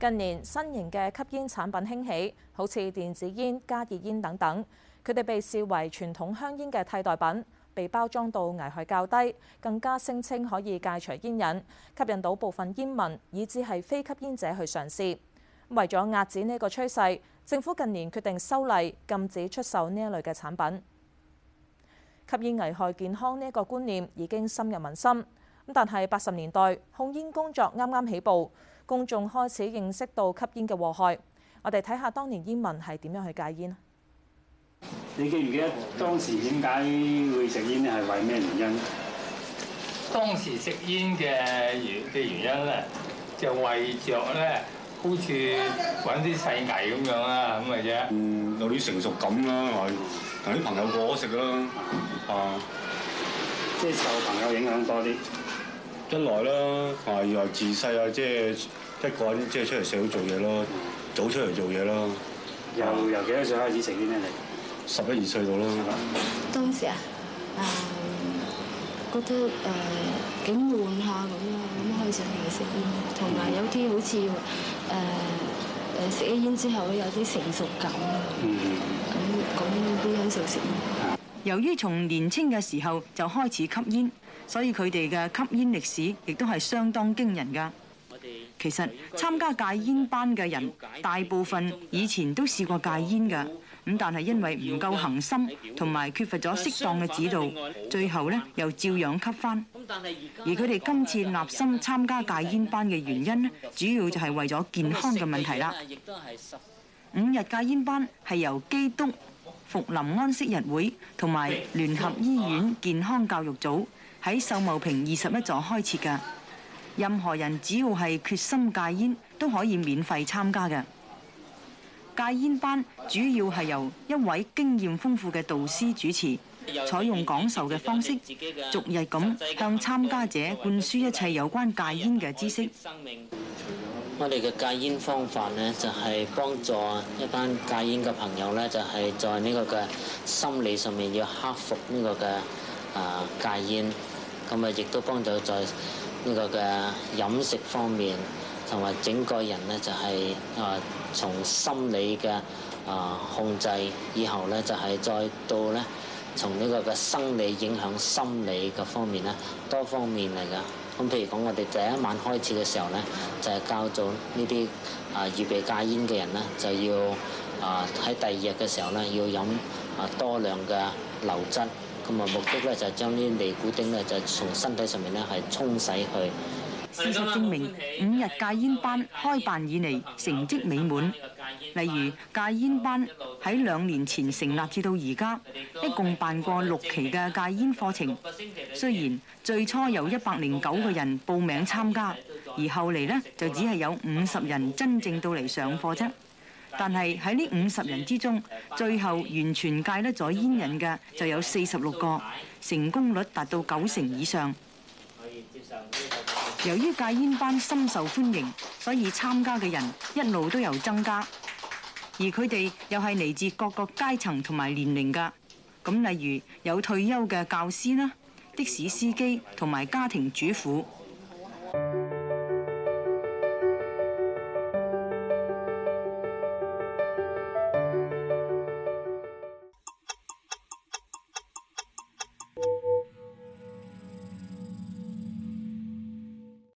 近年新型嘅吸煙產品興起，好似電子煙、加熱煙等等，佢哋被視為傳統香煙嘅替代品，被包裝到危害較低，更加聲稱可以戒除煙癮，吸引到部分煙民以至係非吸煙者去嘗試。為咗壓止呢個趨勢，政府近年決定修例禁止出售呢一類嘅產品。吸煙危害健康呢個觀念已經深入民心，但係八十年代控煙工作啱啱起步。公眾開始認識到吸煙嘅禍害，我哋睇下當年煙民係點樣去戒煙？你記唔記得當時點解會食煙咧？係為咩原因？當時食煙嘅原嘅原因咧，就為着咧，好似揾啲細藝咁樣啊，咁咪啫。嗯，有啲成熟感啦，同啲朋友過食噶啊，嗯、即係受朋友影響多啲。一來啦，啊由自細啊，即係一個人即係出嚟社會做嘢咯，早出嚟做嘢咯。嗯、由由幾多歲開始食煙咩嚟？十一二歲到咯吧。當時啊，誒覺得誒幾、呃、悶下咁啊，咁去上邊去食煙，同埋有啲好似誒誒食咗煙之後咧，有啲成熟感啊，咁咁啲人食日。由於從年青嘅時候就開始吸煙，所以佢哋嘅吸煙歷史亦都係相當驚人㗎。其實參加戒煙班嘅人，大部分以前都試過戒煙㗎，咁但係因為唔夠恒心，同埋缺乏咗適當嘅指導，最後呢又照樣吸返。而佢哋今次立心參加戒煙班嘅原因，主要就係為咗健康嘅問題啦。五日戒煙班係由基督復臨安息日會同埋聯合醫院健康教育組喺秀茂坪二十一座開設嘅，任何人只要係決心戒煙，都可以免費參加嘅。戒煙班主要係由一位經驗豐富嘅導師主持，採用講授嘅方式，逐日咁向參加者灌輸一切有關戒煙嘅知識。我哋嘅戒煙方法咧，就係幫助一班戒煙嘅朋友咧，就係在呢個嘅心理上面要克服呢個嘅啊戒煙，咁啊亦都幫助在呢個嘅飲食方面，同埋整個人咧就係啊從心理嘅啊控制，以後咧就係再到咧。從呢個嘅生理影響心理嘅方面咧，多方面嚟㗎。咁譬如講，我哋第一晚開始嘅時候咧，就係、是、教做呢啲啊預備戒煙嘅人咧，就要啊喺、呃、第二日嘅時候咧，要飲啊多量嘅流質。咁啊，目的咧就係將呢啲尼古丁咧就從身體上面咧係沖洗去。事實證明，五日戒煙班開辦以嚟成績美滿。例如戒煙班喺兩年前成立至到而家，一共辦過六期嘅戒煙課程。雖然最初有一百零九個人報名參加，而後嚟呢，就只係有五十人真正到嚟上課啫。但係喺呢五十人之中，最後完全戒得咗煙癮嘅就有四十六個，成功率達到九成以上。可以接受。由於戒煙班深受歡迎，所以參加嘅人一路都有增加，而佢哋又係嚟自各個階層同埋年齡㗎。咁例如有退休嘅教師啦、的士司機同埋家庭主婦。